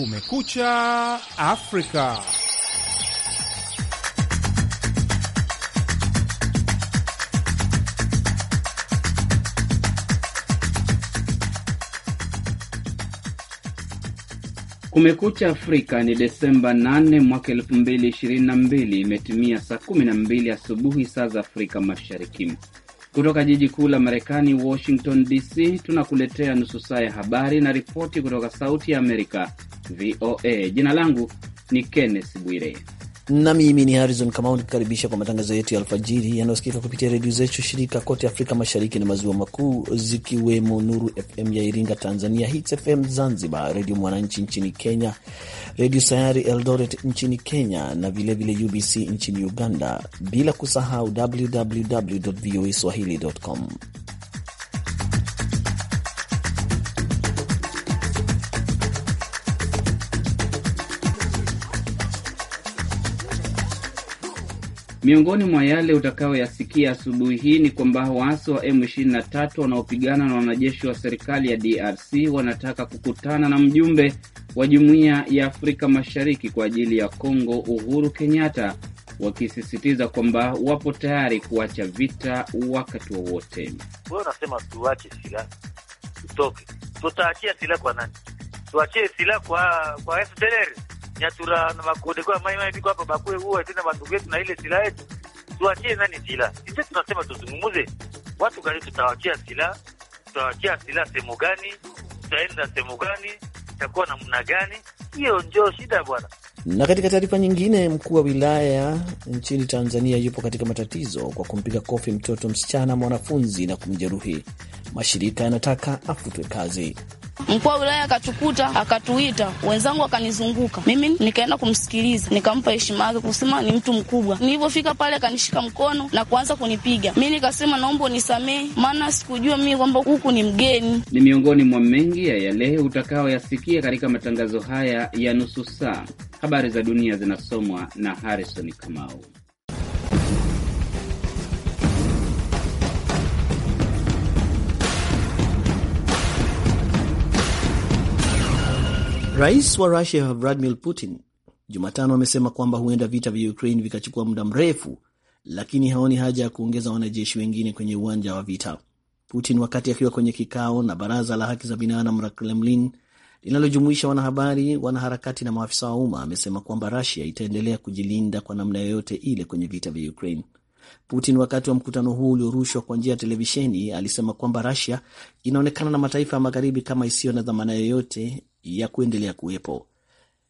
Kumekucha Afrika. Kumekucha Afrika ni Desemba 8 mwaka 2022, imetimia saa 12 asubuhi saa za Afrika Mashariki. Kutoka jiji kuu la Marekani, Washington DC, tunakuletea nusu saa ya habari na ripoti kutoka Sauti ya Amerika VOA. Jina langu ni Kenneth Bwire na mimi ni Harrison Kamau nikikaribisha kwa matangazo yetu ya alfajiri yanayosikika kupitia redio zetu shirika kote Afrika Mashariki na Maziwa Makuu, zikiwemo Nuru FM ya Iringa Tanzania, Hits FM Zanzibar, Redio Mwananchi nchini Kenya, Redio Sayari Eldoret nchini Kenya na vilevile vile UBC nchini Uganda, bila kusahau www voa swahili.com. Miongoni mwa yale utakayoyasikia asubuhi hii ni kwamba waasi wa M23 wanaopigana na wanajeshi wa serikali ya DRC wanataka kukutana na mjumbe wa Jumuiya ya Afrika Mashariki kwa ajili ya Kongo Uhuru Kenyatta, wakisisitiza kwamba wapo tayari kuacha vita wakati wowote. Wewe unasema tuache silaha, tutoke, tutaachia silaha kwa nani? Tuachie silaha kwa, kwa FDLR? Nyatura na makode kwa mai kwa baba bakwe huwa tena watu wetu na ile silaha yetu tuachie nani silaha. Sisi tunasema tuzungumuze watu gani tutawachia silaha, tutawachia silaha sehemu gani, tutaenda sehemu gani, itakuwa namna gani? Hiyo ndio shida bwana. Na katika taarifa nyingine, mkuu wa wilaya nchini Tanzania yupo katika matatizo kwa kumpiga kofi mtoto msichana mwanafunzi na kumjeruhi. Mashirika yanataka afutwe kazi. Mkuu wa wilaya akatukuta, akatuita, wenzangu akanizunguka, mimi nikaenda kumsikiliza, nikampa heshima yake, kusema ni mtu mkubwa. Nilivyofika pale, akanishika mkono na kuanza kunipiga. Mi nikasema naomba unisamehe, maana sikujua mimi kwamba huku ni mgeni. Ni miongoni mwa mengi ya yale utakaoyasikia katika matangazo haya ya nusu saa. Habari za dunia zinasomwa na Harrison Kamau. Rais wa Rusia Vladimir Putin Jumatano amesema kwamba huenda vita vya Ukraine vikachukua muda mrefu, lakini haoni haja ya kuongeza wanajeshi wengine kwenye uwanja wa vita. Putin wakati akiwa kwenye kikao na baraza la haki za binadamu la Kremlin linalojumuisha wanahabari, wanaharakati na maafisa wa umma, amesema kwamba rasia itaendelea kujilinda kwa namna yoyote ile kwenye vita vya Ukraine. Putin wakati wa mkutano huo uliorushwa kwa njia ya televisheni alisema kwamba rasia inaonekana na mataifa ya magharibi kama isiyo na dhamana yoyote ya kuendelea kuwepo.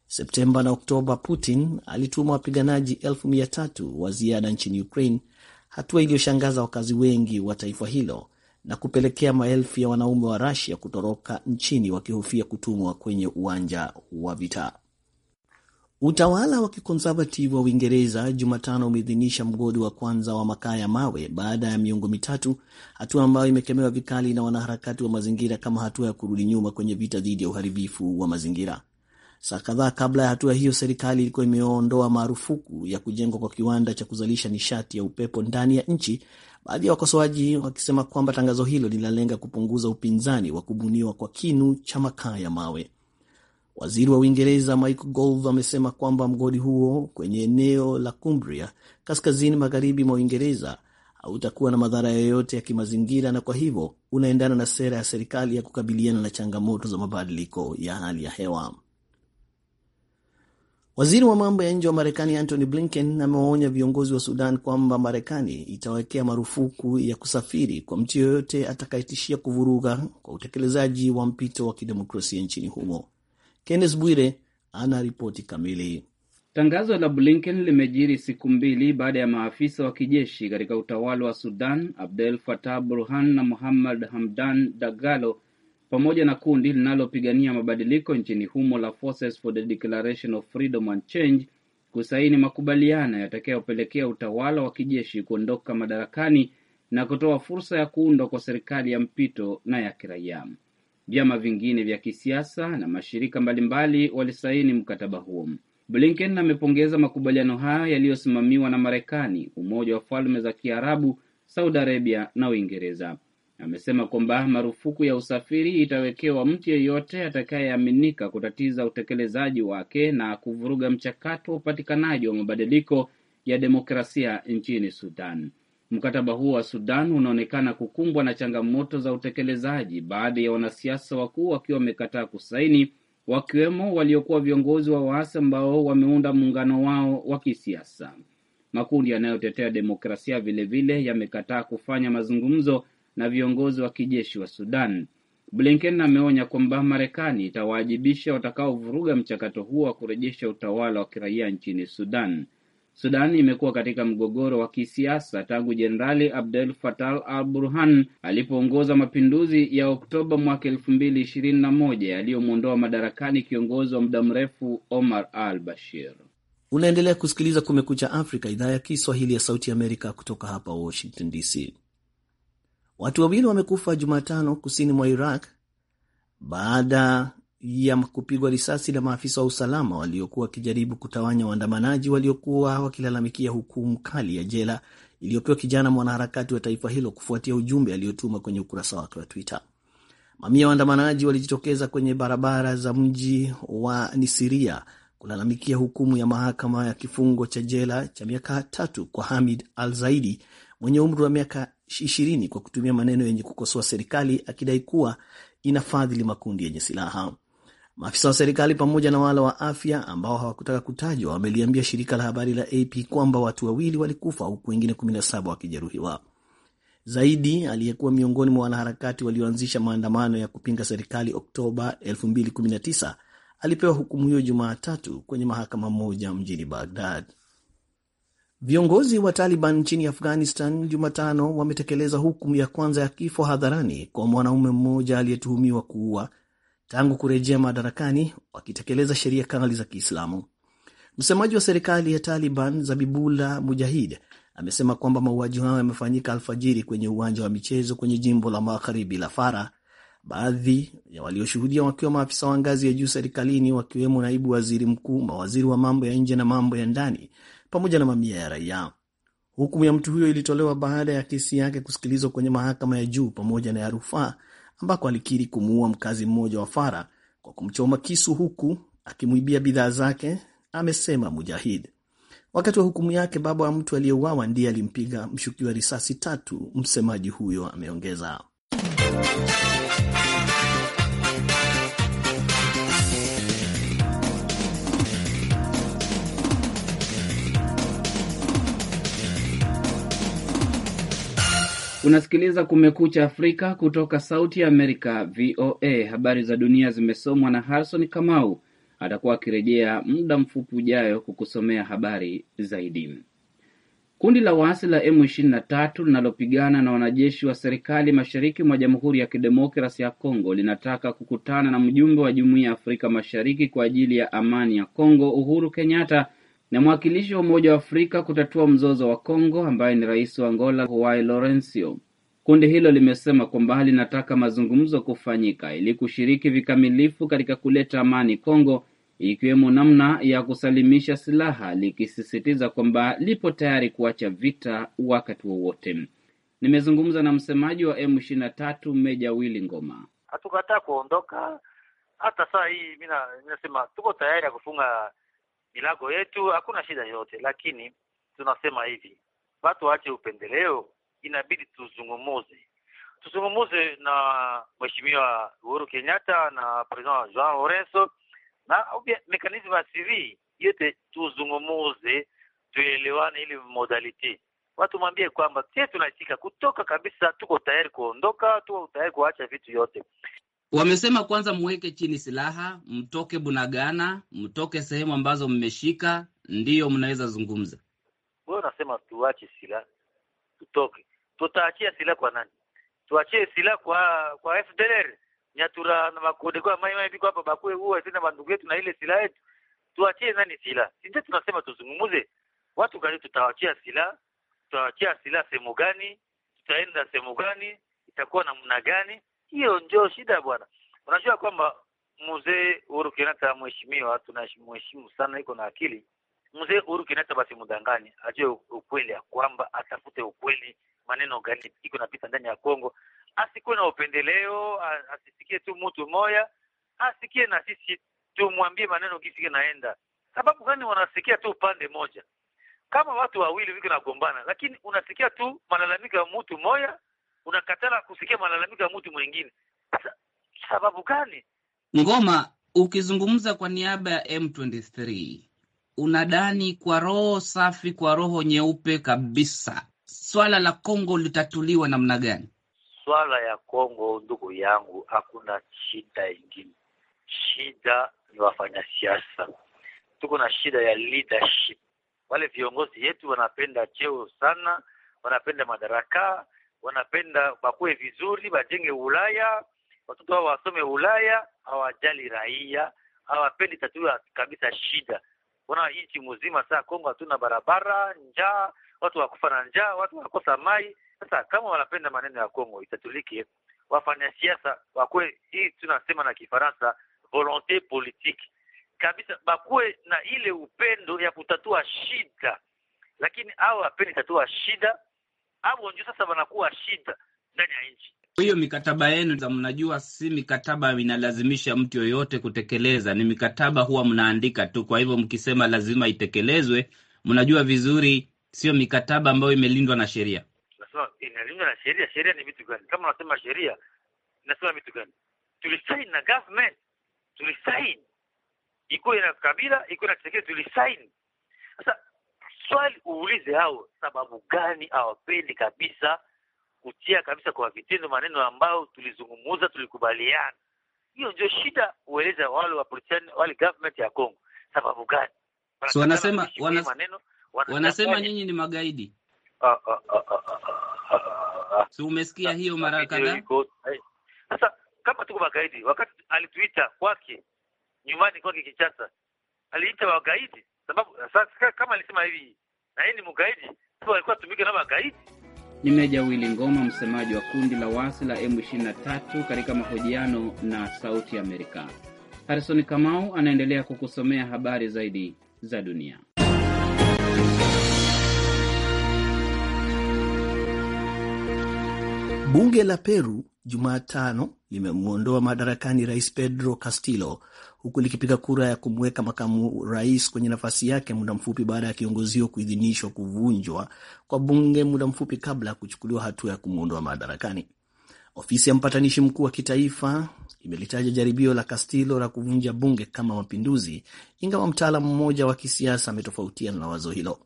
Septemba na Oktoba, Putin alituma wapiganaji elfu mia tatu wa ziada nchini Ukraine, hatua iliyoshangaza wakazi wengi wa taifa hilo na kupelekea maelfu ya wanaume wa Rasia kutoroka nchini wakihofia kutumwa kwenye uwanja wa vita. Utawala wa kikonservative wa Uingereza Jumatano umeidhinisha mgodi wa kwanza wa makaa ya mawe baada ya miongo mitatu, hatua ambayo imekemewa vikali na wanaharakati wa mazingira kama hatua ya kurudi nyuma kwenye vita dhidi ya uharibifu wa mazingira. Saa kadhaa kabla ya hatua hiyo, serikali ilikuwa imeondoa marufuku ya kujengwa kwa kiwanda cha kuzalisha nishati ya upepo ndani ya nchi baadhi ya wakosoaji wakisema kwamba tangazo hilo linalenga kupunguza upinzani wa kubuniwa kwa kinu cha makaa ya mawe. Waziri wa Uingereza Mike Gove amesema kwamba mgodi huo kwenye eneo la Cumbria kaskazini magharibi mwa Uingereza hautakuwa na madhara yoyote ya kimazingira na kwa hivyo unaendana na sera ya serikali ya kukabiliana na changamoto za mabadiliko ya hali ya hewa. Waziri wa mambo ya nje wa Marekani Antony Blinken amewaonya viongozi wa Sudan kwamba Marekani itawekea marufuku ya kusafiri kwa mtu yoyote atakayetishia kuvuruga kwa utekelezaji wa mpito wa kidemokrasia nchini humo. Kenneth Bwire ana ripoti kamili. Tangazo la Blinken limejiri siku mbili baada ya maafisa wa kijeshi katika utawala wa Sudan Abdel Fattah Burhan na Muhammad Hamdan Dagalo pamoja na kundi linalopigania mabadiliko nchini humo la Forces for the Declaration of Freedom and Change kusaini makubaliano yatakayopelekea utawala wa kijeshi kuondoka madarakani na kutoa fursa ya kuundwa kwa serikali ya mpito na ya kiraia. Vyama vingine vya kisiasa na mashirika mbalimbali walisaini mkataba huo. Blinken amepongeza makubaliano hayo yaliyosimamiwa na Marekani, Umoja wa Falme za Kiarabu, Saudi Arabia na Uingereza amesema kwamba marufuku ya usafiri itawekewa mtu yeyote atakayeaminika kutatiza utekelezaji wake na kuvuruga mchakato wa upatikanaji wa mabadiliko ya demokrasia nchini Sudan. Mkataba huo wa Sudan unaonekana kukumbwa na changamoto za utekelezaji, baadhi ya wanasiasa wakuu wakiwa wamekataa kusaini, wakiwemo waliokuwa viongozi wa waasi ambao wameunda muungano wao wa kisiasa. Makundi yanayotetea demokrasia vilevile yamekataa kufanya mazungumzo na viongozi wa kijeshi wa Sudan. Blinken ameonya kwamba Marekani itawaajibisha watakaovuruga mchakato huo wa kurejesha utawala wa kiraia nchini Sudan. Sudan imekuwa katika mgogoro wa kisiasa tangu Jenerali Abdel Fattah al Burhan alipoongoza mapinduzi ya Oktoba mwaka elfu mbili ishirini na moja yaliyomwondoa madarakani kiongozi wa muda mrefu Omar al Bashir. Unaendelea kusikiliza Kumekucha Afrika, idhaa ya Kiswahili ya Sauti Amerika, kutoka hapa Washington DC. Watu wawili wamekufa Jumatano kusini mwa Iraq baada ya kupigwa risasi na maafisa wa usalama waliokuwa wakijaribu kutawanya waandamanaji waliokuwa wakilalamikia hukumu kali ya jela iliyopewa kijana mwanaharakati wa taifa hilo kufuatia ujumbe aliotuma kwenye ukurasa wake wa Twitter. Mamia waandamanaji walijitokeza kwenye barabara za mji wa Nisiria kulalamikia hukumu ya mahakama ya kifungo cha jela cha miaka tatu kwa Hamid Al Zaidi mwenye umri wa miaka ishirini kwa kutumia maneno yenye kukosoa serikali akidai kuwa inafadhili makundi yenye silaha. Maafisa wa serikali pamoja na wale wa afya ambao hawakutaka kutajwa wameliambia shirika la habari la AP kwamba watu wawili walikufa huku wengine 17 wakijeruhiwa. Zaidi aliyekuwa miongoni mwa wanaharakati walioanzisha maandamano ya kupinga serikali Oktoba 2019 alipewa hukumu hiyo Jumatatu kwenye mahakama moja mjini Bagdad. Viongozi wa Taliban nchini Afghanistan Jumatano wametekeleza hukumu ya kwanza ya kifo hadharani kwa mwanaume mmoja aliyetuhumiwa kuua tangu kurejea madarakani, wakitekeleza sheria kali za Kiislamu. Msemaji wa serikali ya Taliban Zabibula Mujahid amesema kwamba mauaji hayo yamefanyika alfajiri kwenye uwanja wa michezo kwenye jimbo la magharibi la Fara, baadhi ya walioshuhudia wakiwa maafisa wa ngazi ya juu serikalini, wakiwemo naibu waziri mkuu, mawaziri wa mambo ya nje na mambo ya ndani pamoja na mamia ya raia. Hukumu ya mtu huyo ilitolewa baada ya kesi yake kusikilizwa kwenye mahakama ya juu pamoja na ya rufaa, ambako alikiri kumuua mkazi mmoja wa Fara kwa kumchoma kisu huku akimwibia bidhaa zake, amesema Mujahid. Wakati wa hukumu yake, baba wa mtu aliyeuawa ndiye alimpiga mshukiwa risasi tatu, msemaji huyo ameongeza. Unasikiliza Kumekucha Afrika kutoka Sauti ya Amerika, VOA. Habari za dunia zimesomwa na Harrison Kamau. Atakuwa akirejea muda mfupi ujayo kukusomea habari zaidi. Kundi la waasi la M23 linalopigana na wanajeshi wa serikali mashariki mwa Jamhuri ya Kidemokrasi ya Kongo linataka kukutana na mjumbe wa Jumuiya ya Afrika Mashariki kwa ajili ya amani ya Kongo, Uhuru Kenyatta na mwakilishi wa Umoja wa Afrika kutatua mzozo wa congo ambaye ni rais wa Angola Joao lorencio Kundi hilo limesema kwamba linataka mazungumzo kufanyika ili kushiriki vikamilifu katika kuleta amani congo ikiwemo namna ya kusalimisha silaha, likisisitiza kwamba lipo tayari kuacha vita wakati wowote. Nimezungumza na msemaji wa M ishirini na tatu Meja Willy Ngoma. hatukataa kuondoka hata saa hii, mi nasema tuko tayari ya kufunga milango yetu, hakuna shida yoyote, lakini tunasema hivi, watu waache upendeleo, inabidi tuzungumuze, tuzungumuze na mheshimiwa Uhuru Kenyatta na president Joao Lorenzo na mekanizmu ya CV yote, tuzungumuze, tuelewane ili modalite watu mwambie kwamba sisi tunaitika kutoka kabisa, tuko tayari kuondoka, tuko tayari kuacha vitu yote. Wamesema kwanza mweke chini silaha, mtoke Bunagana, mtoke sehemu ambazo mmeshika, ndiyo mnaweza zungumza. Wewe unasema tuache silaha, tutoke. Tutaachia silaha kwa nani? Tuachie silaha kwa kwa FDLR nyatura na makode kwa mai mai biko hapa bakwe huwa tena bandugu yetu na ile silaha yetu. Tuachie nani silaha? Sisi tunasema tuzungumuze. Watu gani tutawachia silaha? Tutawachia silaha sehemu gani? Tutaenda sehemu gani? Itakuwa namna gani? Hiyo ndio shida bwana. Unajua kwamba mzee Uhuru Kenyatta, mheshimiwa, tunamheshimu sana, iko na akili. Mzee Uhuru Kenyatta basi mudanganye, ajue ukweli ya kwamba atafute ukweli, maneno gani iko napita ndani ya Kongo, asikuwe na upendeleo, asisikie tu mtu moya, asikie na sisi tumwambie maneno gisi naenda Sababu gani wanasikia tu upande moja? Kama watu wawili viko nagombana, lakini unasikia tu malalamiko ya mtu moya unakatala kusikia malalamiko ya mtu mwingine. Sababu gani? Ngoma, ukizungumza kwa niaba ya M23 unadani kwa roho safi, kwa roho nyeupe kabisa, swala la Kongo litatuliwa namna gani? Swala ya Kongo, ndugu yangu, hakuna shida ingine. Shida ni wafanyasiasa, tuko na shida ya leadership. Wale viongozi yetu wanapenda cheo sana, wanapenda madaraka, wanapenda bakuwe vizuri, bajenge Ulaya, watoto wao wasome Ulaya, hawajali raia, hawapendi tatua kabisa shida. Ona nchi mzima saa Kongo hatuna barabara, njaa, watu wakufa na njaa, watu wanakosa mai. Sasa kama wanapenda maneno ya Kongo itatulike, wafanya siasa wakue, hii tunasema na Kifaransa volonte politique kabisa, bakuwe na ile upendo ya kutatua shida, lakini hao wapendi tatua shida hapo ndio sasa wanakuwa shida ndani ya nchi. Hiyo mikataba yenu za mnajua, si mikataba inalazimisha mtu yoyote kutekeleza, ni mikataba huwa mnaandika tu. Kwa hivyo mkisema lazima itekelezwe, mnajua vizuri sio mikataba ambayo imelindwa na sheria. Sasa inalindwa na sheria. Sheria ni vitu gani? Kama unasema sheria, nasema vitu gani? Tulisain na government, tulisain iko na kabila iko na kisekere, tulisain. sasa swali uulize hao sababu gani hawapendi kabisa kutia kabisa kwa vitendo maneno ambayo tulizungumuza, tulikubaliana. Hiyo ndio shida, ueleza wale wa politician, wale government ya Kongo sababu gani so, wanasema wanas... maneno wanasema, wanasema nyinyi ni magaidi. Ah, ah, ah, ah, ah, ah. ah. So, umesikia hiyo mara kadhaa. Eh, sasa kama tuko magaidi, wakati alituita kwake nyumbani kwake Kinshasa, aliita wagaidi sababu eh, sasa kama alisema hivi na yeye ni mgaidi, sio alikuwa tumike na magaidi. Ni Meja Willy Ngoma, msemaji wa kundi la wasi la M23 katika mahojiano na Sauti Amerika. Harrison Kamau anaendelea kukusomea habari zaidi za dunia. Bunge la Peru Jumatano limemwondoa madarakani Rais Pedro Castillo huku likipiga kura ya kumweka makamu rais kwenye nafasi yake muda mfupi baada ya kiongozi huo kuidhinishwa kuvunjwa kwa bunge muda mfupi kabla ya kuchukuliwa hatua ya kumwondoa madarakani. Ofisi ya mpatanishi mkuu wa kitaifa imelitaja jaribio la Castillo la kuvunja bunge kama mapinduzi, ingawa mtaalamu mmoja wa kisiasa ametofautiana na wazo hilo.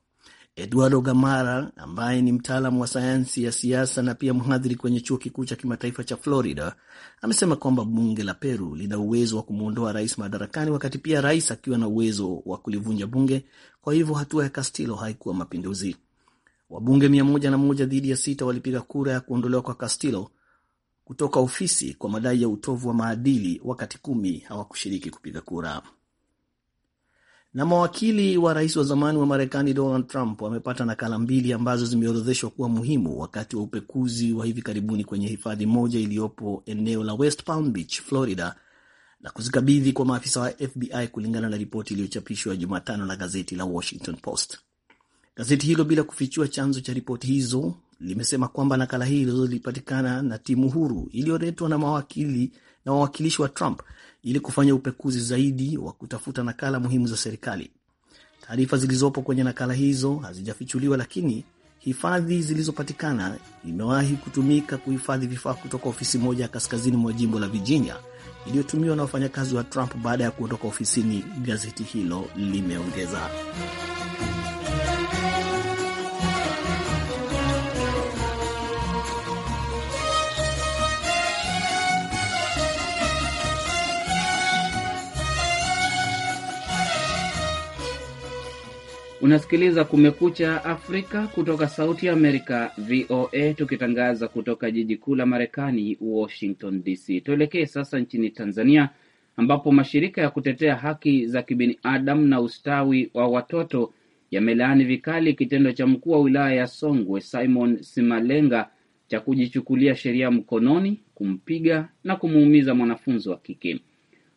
Eduardo Gamara ambaye ni mtaalamu wa sayansi ya siasa na pia mhadhiri kwenye chuo kikuu cha kimataifa cha Florida amesema kwamba bunge la Peru lina uwezo wa kumwondoa rais madarakani, wakati pia rais akiwa na uwezo wa kulivunja bunge. Kwa hivyo hatua ya Castillo haikuwa mapinduzi. Wabunge mia moja na moja dhidi ya sita walipiga kura ya kuondolewa kwa Castillo kutoka ofisi kwa madai ya utovu wa maadili, wakati kumi hawakushiriki kupiga kura na mawakili wa rais wa zamani wa Marekani Donald Trump wamepata nakala mbili ambazo zimeorodheshwa kuwa muhimu wakati wa upekuzi wa hivi karibuni kwenye hifadhi moja iliyopo eneo la West Palm Beach, Florida, na kuzikabidhi kwa maafisa wa FBI kulingana na ripoti iliyochapishwa Jumatano na gazeti la Washington Post. Gazeti hilo bila kufichua chanzo cha ripoti hizo limesema kwamba nakala hizo zilipatikana na timu huru iliyoletwa na mawakili na wawakilishi wa Trump ili kufanya upekuzi zaidi wa kutafuta nakala muhimu za serikali. Taarifa zilizopo kwenye nakala hizo hazijafichuliwa, lakini hifadhi zilizopatikana imewahi kutumika kuhifadhi vifaa kutoka ofisi moja ya kaskazini mwa jimbo la Virginia iliyotumiwa na wafanyakazi wa Trump baada ya kuondoka ofisini, gazeti hilo limeongeza. Unasikiliza Kumekucha Afrika kutoka Sauti ya Amerika, VOA, tukitangaza kutoka jiji kuu la Marekani, Washington DC. Tuelekee sasa nchini Tanzania, ambapo mashirika ya kutetea haki za kibinadamu na ustawi wa watoto yamelaani vikali kitendo cha mkuu wa wilaya ya Songwe Simon Simalenga cha kujichukulia sheria mkononi, kumpiga na kumuumiza mwanafunzi wa kike.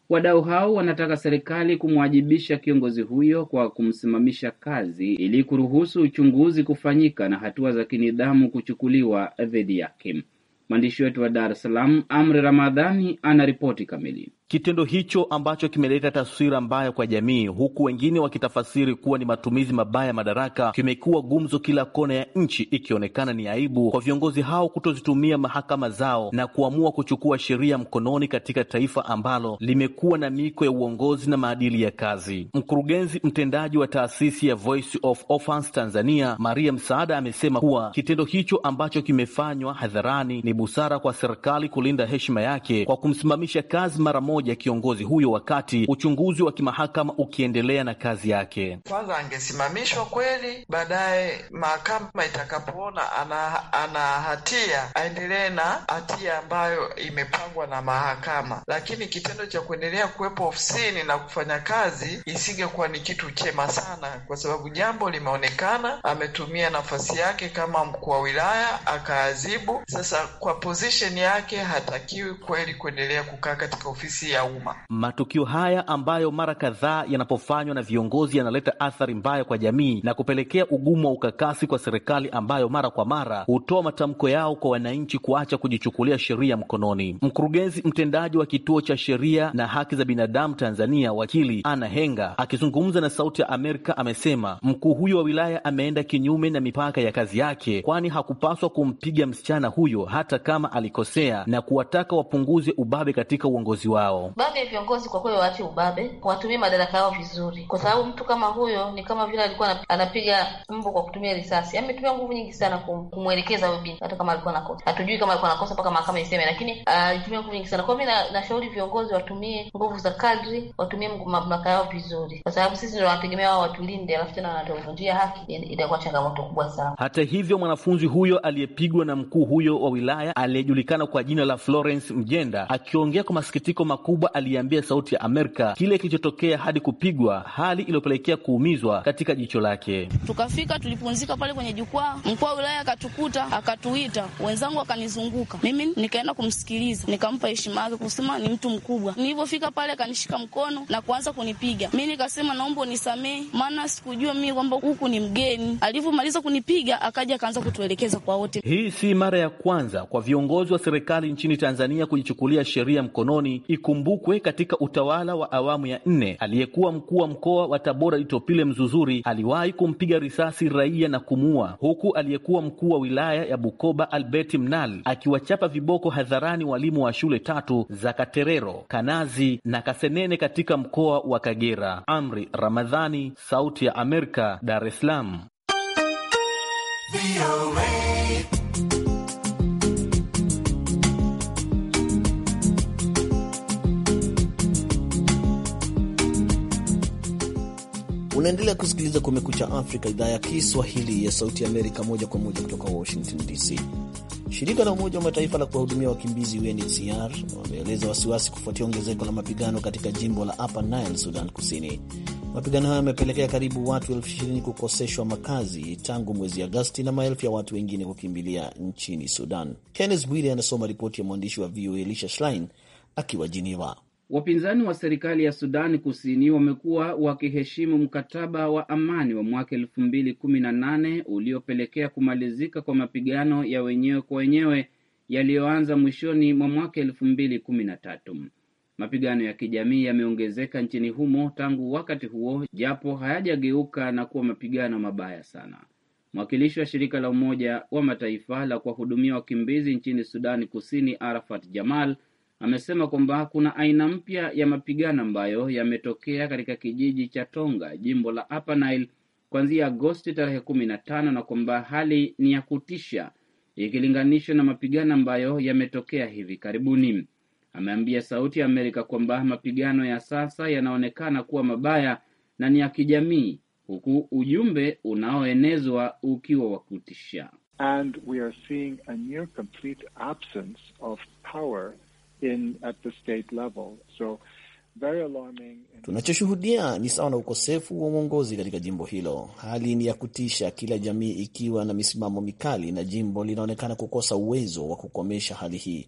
Wadau hao wanataka serikali kumwajibisha kiongozi huyo kwa kumsimamisha kazi ili kuruhusu uchunguzi kufanyika na hatua za kinidhamu kuchukuliwa dhidi yake. Mwandishi wetu wa Dar es Salaam, Amri Ramadhani, ana ripoti kamili. Kitendo hicho ambacho kimeleta taswira mbaya kwa jamii, huku wengine wakitafasiri kuwa ni matumizi mabaya ya madaraka, kimekuwa gumzo kila kona ya nchi, ikionekana ni aibu kwa viongozi hao kutozitumia mahakama zao na kuamua kuchukua sheria mkononi katika taifa ambalo limekuwa na miko ya uongozi na maadili ya kazi. Mkurugenzi mtendaji wa taasisi ya Voice of Orphans Tanzania, Maria Msaada, amesema kuwa kitendo hicho ambacho kimefanywa hadharani ni busara kwa serikali kulinda heshima yake kwa kumsimamisha kazi mara moja mmoja kiongozi huyo wakati uchunguzi wa kimahakama ukiendelea na kazi yake. Kwanza angesimamishwa kweli, baadaye mahakama itakapoona ana, ana hatia aendelee na hatia ambayo imepangwa na mahakama, lakini kitendo cha kuendelea kuwepo ofisini na kufanya kazi isingekuwa ni kitu chema sana, kwa sababu jambo limeonekana, ametumia nafasi yake kama mkuu wa wilaya akaazibu. Sasa kwa pozisheni yake hatakiwi kweli kuendelea kukaa katika ofisi demokrasia ya umma. Matukio haya ambayo mara kadhaa yanapofanywa na viongozi yanaleta athari mbaya kwa jamii na kupelekea ugumu wa ukakasi kwa serikali ambayo mara kwa mara hutoa matamko yao kwa wananchi kuacha kujichukulia sheria mkononi. Mkurugenzi mtendaji wa Kituo cha Sheria na Haki za Binadamu Tanzania, wakili Ana Henga, akizungumza na Sauti ya Amerika, amesema mkuu huyo wa wilaya ameenda kinyume na mipaka ya kazi yake, kwani hakupaswa kumpiga msichana huyo hata kama alikosea, na kuwataka wapunguze ubabe katika uongozi wao yao. Baadhi ya viongozi kwa kweli waache ubabe, watumie madaraka yao vizuri, kwa sababu mtu kama huyo ni kama vile alikuwa anapiga mbu kwa kutumia risasi. Ametumia nguvu nyingi sana kumwelekeza huyo binti, hata kama alikuwa nakosa, hatujui kama alikuwa nakosa mpaka mahakama iseme, lakini ah, alitumia nguvu nyingi sana. Kwa hiyo mi nashauri viongozi watumie nguvu za kadri, watumie mamlaka yao vizuri, kwa sababu sisi ndio wanategemea wao watulinde, alafu tena wanatuvunjia haki, itakuwa changamoto kubwa sana. Hata hivyo, mwanafunzi huyo aliyepigwa na mkuu huyo wa wilaya aliyejulikana kwa jina la Florence Mjenda akiongea kwa masikitiko makubwa makubwa aliambia Sauti ya Amerika kile kilichotokea hadi kupigwa, hali iliyopelekea kuumizwa katika jicho lake. Tukafika, tulipumzika pale kwenye jukwaa. Mkuu wa wilaya akatukuta, akatuita, wenzangu akanizunguka, mimi nikaenda kumsikiliza, nikampa heshima yake kusema ni mtu mkubwa. Nilivyofika pale akanishika mkono na kuanza kunipiga, mi nikasema naomba unisamehe, maana sikujua mimi kwamba huku ni mgeni. Alivyomaliza kunipiga, akaja akaanza kutuelekeza kwa wote. Hii si mara ya kwanza kwa viongozi wa serikali nchini Tanzania kujichukulia sheria mkononi ikum Ikumbukwe katika utawala wa awamu ya nne, aliyekuwa mkuu wa mkoa wa Tabora Itopile Mzuzuri aliwahi kumpiga risasi raia na kumua huku aliyekuwa mkuu wa wilaya ya Bukoba Alberti Mnal akiwachapa viboko hadharani walimu wa shule tatu za Katerero, Kanazi na Kasenene katika mkoa wa Kagera. Amri Ramadhani, Sauti ya Amerika, Dar es Salaam. Unaendelea kusikiliza Kumekucha Afrika, idhaa ya Kiswahili ya Sauti Amerika, moja kwa moja kutoka Washington DC. Shirika la Umoja wa Mataifa la kuwahudumia wakimbizi UNHCR wameeleza wasiwasi kufuatia ongezeko la mapigano katika jimbo la Upper Nile, Sudan Kusini. Mapigano hayo yamepelekea karibu watu elfu ishirini kukoseshwa makazi tangu mwezi Agosti na maelfu ya watu wengine kukimbilia nchini Sudan. Kennes Bwire anasoma ripoti ya mwandishi wa VOA Elisha Schlein akiwa Jiniva. Wapinzani wa serikali ya Sudani Kusini wamekuwa wakiheshimu mkataba wa amani wa mwaka elfu mbili kumi na nane uliopelekea kumalizika kwa mapigano ya wenyewe kwa wenyewe yaliyoanza mwishoni mwa mwaka elfu mbili kumi na tatu. Mapigano ya kijamii yameongezeka nchini humo tangu wakati huo, japo hayajageuka na kuwa mapigano mabaya sana. Mwakilishi wa shirika la Umoja wa Mataifa la kuwahudumia wakimbizi nchini Sudani Kusini, Arafat Jamal amesema kwamba kuna aina mpya ya mapigano ambayo yametokea katika kijiji cha Tonga, jimbo la Upper Nile kuanzia Agosti tarehe kumi na tano na kwamba hali ni ya kutisha ikilinganishwa na mapigano ambayo yametokea hivi karibuni. Ameambia Sauti ya Amerika kwamba mapigano ya sasa yanaonekana kuwa mabaya na ni ya kijamii, huku ujumbe unaoenezwa ukiwa wa kutisha. And we are seeing a near complete absence of power in at the state level. So very alarming Tunachoshuhudia ni sawa na ukosefu wa uongozi katika jimbo hilo. Hali ni ya kutisha, kila jamii ikiwa na misimamo mikali na jimbo linaonekana kukosa uwezo wa kukomesha hali hii.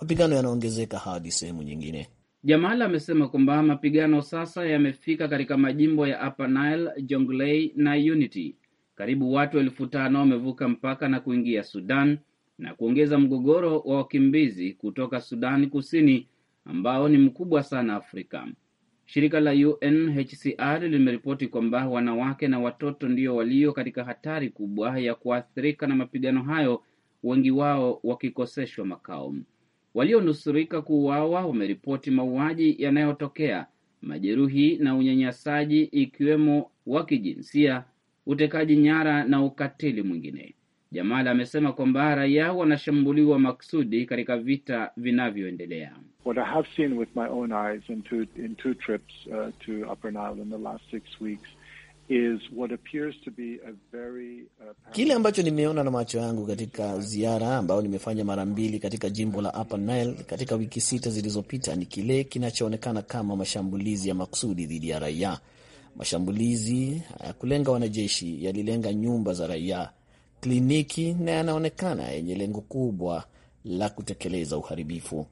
Mapigano yanaongezeka hadi sehemu nyingine. Jamal amesema kwamba mapigano sasa yamefika katika majimbo ya Upper Nile, Jonglei na Unity. Karibu watu elfu tano wamevuka mpaka na kuingia Sudan na kuongeza mgogoro wa wakimbizi kutoka Sudani Kusini ambao ni mkubwa sana Afrika. Shirika la UNHCR limeripoti kwamba wanawake na watoto ndio walio katika hatari kubwa ya kuathirika na mapigano hayo, wengi wao wakikoseshwa makao. Walionusurika kuuawa wameripoti mauaji yanayotokea, majeruhi na unyanyasaji, ikiwemo wa kijinsia, utekaji nyara na ukatili mwingine. Jamal amesema kwamba raia wanashambuliwa maksudi katika vita vinavyoendelea. Uh, uh, kile ambacho nimeona na macho yangu katika ziara ambayo nimefanya mara mbili katika jimbo la Upper Nile katika wiki sita zilizopita ni kile kinachoonekana kama mashambulizi ya makusudi dhidi ya raia. Mashambulizi hayakulenga uh, wanajeshi, yalilenga nyumba za raia kliniki na yanaonekana yenye lengo kubwa la kutekeleza uharibifu.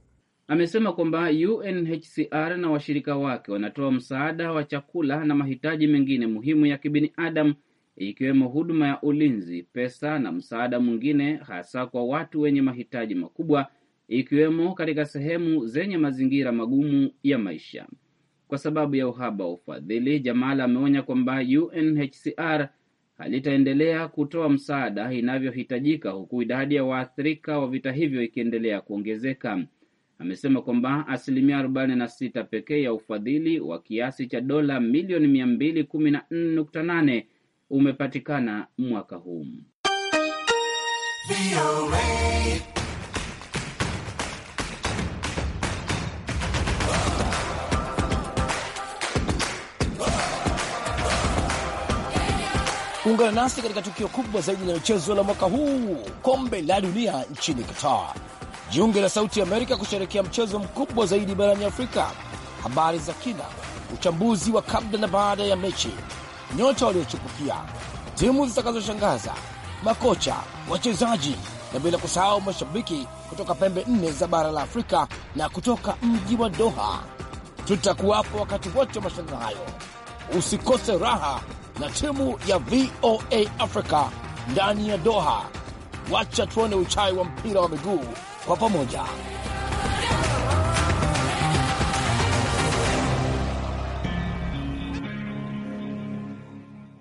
Amesema kwamba UNHCR na washirika wake wanatoa msaada wa chakula na mahitaji mengine muhimu ya kibinadamu ikiwemo huduma ya ulinzi, pesa na msaada mwingine, hasa kwa watu wenye mahitaji makubwa, ikiwemo katika sehemu zenye mazingira magumu ya maisha. Kwa sababu ya uhaba wa ufadhili, Jamala ameonya kwamba UNHCR halitaendelea kutoa msaada inavyohitajika huku idadi ya waathirika wa vita hivyo ikiendelea kuongezeka. Amesema kwamba asilimia 46 pekee ya ufadhili wa kiasi cha dola milioni 214.8 umepatikana mwaka huu. kuungana nasi katika tukio kubwa zaidi la michezo la mwaka huu, kombe la dunia nchini Qatar. Jiunge na Sauti Amerika kusherekea mchezo mkubwa zaidi barani Afrika. Habari za kina, uchambuzi wa kabla na baada ya mechi, nyota waliochipukia, timu zitakazoshangaza, makocha, wachezaji na bila kusahau mashabiki kutoka pembe nne za bara la Afrika na kutoka mji wa Doha. Tutakuwapo wakati wote wa mashindano hayo. Usikose raha na timu ya VOA Africa ndani ya Doha. Wacha tuone uchai wa mpira wa miguu kwa pamoja.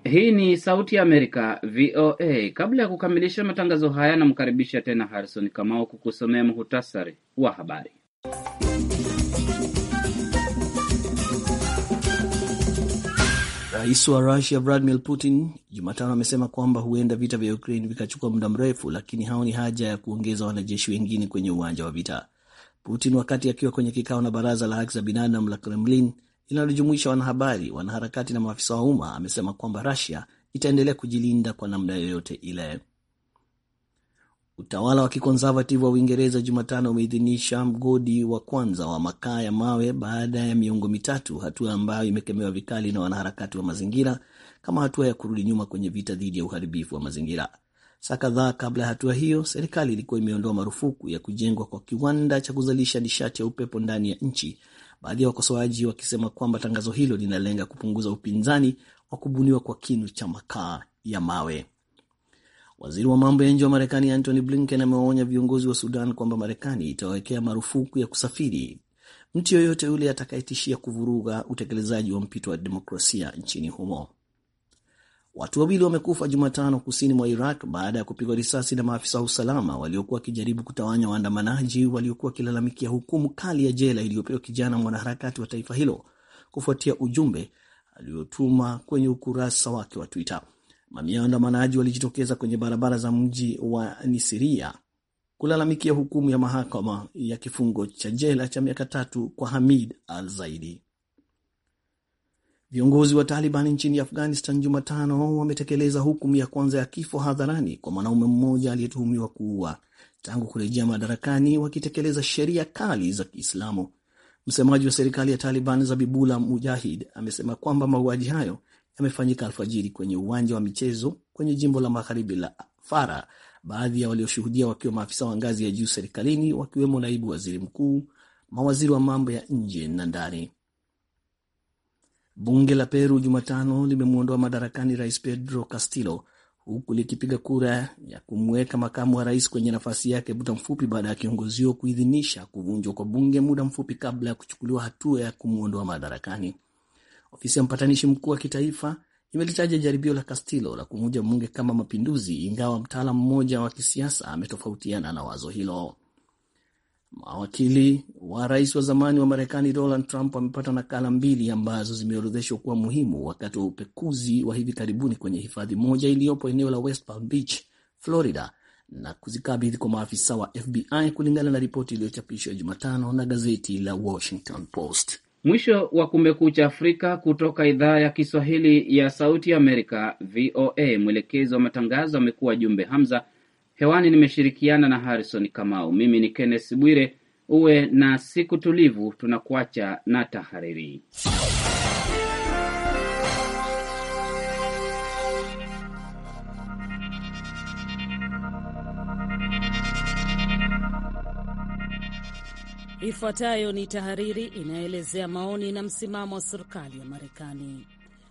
Hii ni Sauti ya Amerika, VOA. Kabla ya kukamilisha matangazo haya, namkaribisha tena Harrison Kamau kukusomea muhutasari wa habari. Rais wa Rusia Vladimir Putin Jumatano amesema kwamba huenda vita vya Ukraine vikachukua muda mrefu, lakini haoni haja ya kuongeza wanajeshi wengine kwenye uwanja wa vita. Putin wakati akiwa kwenye kikao na baraza la haki za binadamu la Kremlin linalojumuisha wanahabari, wanaharakati na maafisa wa umma amesema kwamba Rusia itaendelea kujilinda kwa namna yoyote ile. Utawala wa kikonservative wa Uingereza Jumatano umeidhinisha mgodi wa kwanza wa makaa ya mawe baada ya miongo mitatu, hatua ambayo imekemewa vikali na wanaharakati wa mazingira kama hatua ya kurudi nyuma kwenye vita dhidi ya uharibifu wa mazingira. Saa kadhaa kabla ya hatua hiyo, serikali ilikuwa imeondoa marufuku ya kujengwa kwa kiwanda cha kuzalisha nishati ya upepo ndani ya nchi, baadhi ya wakosoaji wakisema kwamba tangazo hilo linalenga kupunguza upinzani wa kubuniwa kwa kinu cha makaa ya mawe. Waziri wa mambo ya nje wa Marekani Antony Blinken amewaonya viongozi wa Sudan kwamba Marekani itawekea marufuku ya kusafiri mtu yoyote yule atakayetishia kuvuruga utekelezaji wa mpito wa demokrasia nchini humo. Watu wawili wamekufa Jumatano kusini mwa Iraq baada ya kupigwa risasi na maafisa wa usalama waliokuwa wakijaribu kutawanya waandamanaji waliokuwa wakilalamikia hukumu kali ya jela iliyopewa kijana mwanaharakati wa taifa hilo kufuatia ujumbe aliotuma kwenye ukurasa wake wa Twitter. Mamia ya waandamanaji walijitokeza kwenye barabara za mji wa Nisiria kulalamikia hukumu ya mahakama ya kifungo cha jela cha miaka tatu kwa Hamid al-Zaidi. Viongozi wa Taliban nchini Afghanistan Jumatano wametekeleza hukumu ya kwanza ya kifo hadharani kwa mwanaume mmoja aliyetuhumiwa kuua tangu kurejea madarakani, wakitekeleza sheria kali za Kiislamu. Msemaji wa serikali ya Taliban Zabibula Mujahid amesema kwamba mauaji hayo yamefanyika alfajiri kwenye uwanja wa michezo kwenye jimbo la magharibi la Fara, baadhi ya walioshuhudia wakiwa maafisa wa ngazi ya juu serikalini, wakiwemo naibu waziri mkuu, mawaziri wa mambo ya nje na ndani. Bunge la Peru Jumatano limemwondoa madarakani rais Pedro Castillo huku likipiga kura ya kumweka makamu wa rais kwenye nafasi yake muda mfupi baada ya kiongozi huo kuidhinisha kuvunjwa kwa bunge muda mfupi kabla ya kuchukuliwa hatua ya kumwondoa madarakani. Ofisi ya mpatanishi mkuu wa kitaifa imelitaja jaribio la Castillo la kuvunja bunge kama mapinduzi, ingawa mtaalam mmoja wa kisiasa ametofautiana na wazo hilo. Mawakili wa rais wa zamani wa Marekani Donald Trump wamepata nakala mbili ambazo zimeorodheshwa kuwa muhimu wakati wa upekuzi wa hivi karibuni kwenye hifadhi moja iliyopo eneo la West Palm Beach, Florida, na kuzikabidhi kwa maafisa wa FBI kulingana na ripoti iliyochapishwa Jumatano na gazeti la Washington Post. Mwisho wa Kumekucha Afrika kutoka idhaa ya Kiswahili ya Sauti Amerika, VOA. Mwelekezi wa matangazo amekuwa Jumbe Hamza. Hewani nimeshirikiana na Harrison Kamau. Mimi ni Kenneth Bwire. Uwe na siku tulivu. Tunakuacha na tahariri. Ifuatayo ni tahariri inayoelezea maoni na msimamo wa serikali ya Marekani.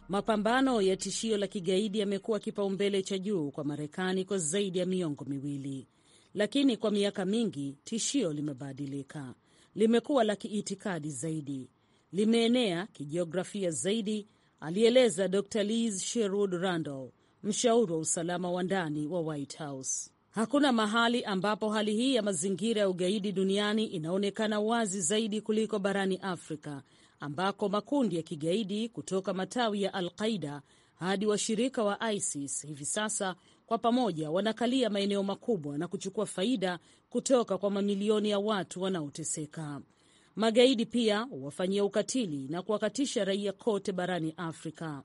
Mapambano ya tishio la kigaidi yamekuwa kipaumbele cha juu kwa Marekani kwa zaidi ya miongo miwili, lakini kwa miaka mingi tishio limebadilika, limekuwa la kiitikadi zaidi, limeenea kijiografia zaidi, alieleza Dr Liz Sherwood Randall, mshauri wa usalama wa ndani wa White House. Hakuna mahali ambapo hali hii ya mazingira ya ugaidi duniani inaonekana wazi zaidi kuliko barani Afrika ambako makundi ya kigaidi kutoka matawi ya Al-Qaida hadi washirika wa ISIS hivi sasa kwa pamoja wanakalia maeneo makubwa na kuchukua faida kutoka kwa mamilioni ya watu wanaoteseka. Magaidi pia huwafanyia ukatili na kuwakatisha raia kote barani Afrika.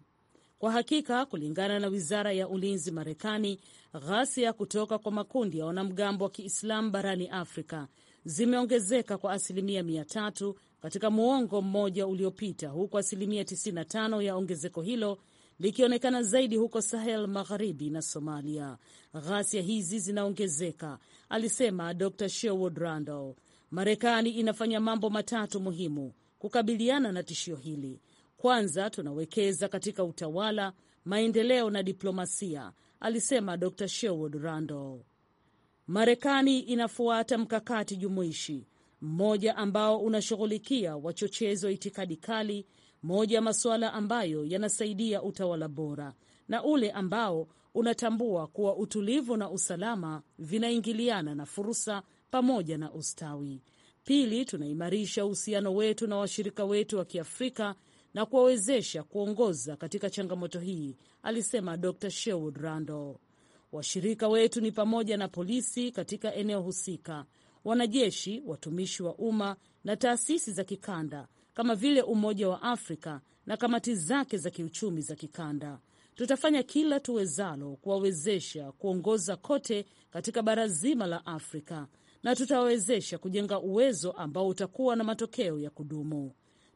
Kwa hakika, kulingana na wizara ya ulinzi Marekani, ghasia kutoka kwa makundi ya wanamgambo wa Kiislamu barani Afrika zimeongezeka kwa asilimia mia tatu katika muongo mmoja uliopita, huku asilimia 95 ya ongezeko hilo likionekana zaidi huko Sahel Magharibi na Somalia. Ghasia hizi zinaongezeka, alisema Dr Sherwood Randall. Marekani inafanya mambo matatu muhimu kukabiliana na tishio hili: kwanza tunawekeza katika utawala, maendeleo na diplomasia, alisema Dr Sherwood Randall. Marekani inafuata mkakati jumuishi mmoja ambao unashughulikia wachochezi wa itikadi kali, moja ya masuala ambayo yanasaidia utawala bora na ule ambao unatambua kuwa utulivu na usalama vinaingiliana na fursa pamoja na ustawi. Pili, tunaimarisha uhusiano wetu na washirika wetu wa Kiafrika na kuwawezesha kuongoza katika changamoto hii, alisema Dr Sherwood Randall. Washirika wetu ni pamoja na polisi katika eneo husika, wanajeshi, watumishi wa umma na taasisi za kikanda kama vile Umoja wa Afrika na kamati zake za kiuchumi za kikanda. Tutafanya kila tuwezalo kuwawezesha kuongoza kote katika bara zima la Afrika na tutawawezesha kujenga uwezo ambao utakuwa na matokeo ya kudumu.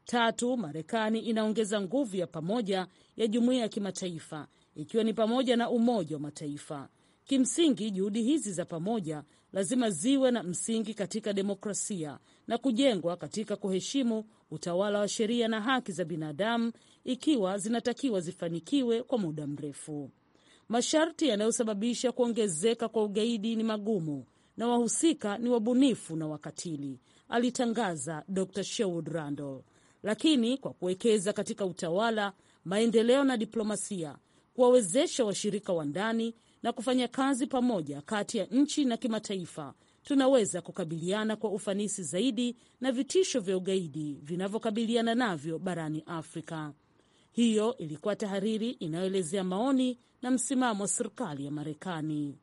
Tatu, Marekani inaongeza nguvu ya pamoja ya jumuiya ya kimataifa ikiwa ni pamoja na Umoja wa Mataifa. Kimsingi, juhudi hizi za pamoja lazima ziwe na msingi katika demokrasia na kujengwa katika kuheshimu utawala wa sheria na haki za binadamu, ikiwa zinatakiwa zifanikiwe kwa muda mrefu. Masharti yanayosababisha kuongezeka kwa ugaidi ni magumu na wahusika ni wabunifu na wakatili, alitangaza Dr Sherwood Randall lakini kwa kuwekeza katika utawala, maendeleo na diplomasia, kuwawezesha washirika wa ndani na kufanya kazi pamoja kati ya nchi na kimataifa, tunaweza kukabiliana kwa ufanisi zaidi na vitisho vya ugaidi vinavyokabiliana navyo barani Afrika. Hiyo ilikuwa tahariri inayoelezea maoni na msimamo wa serikali ya Marekani.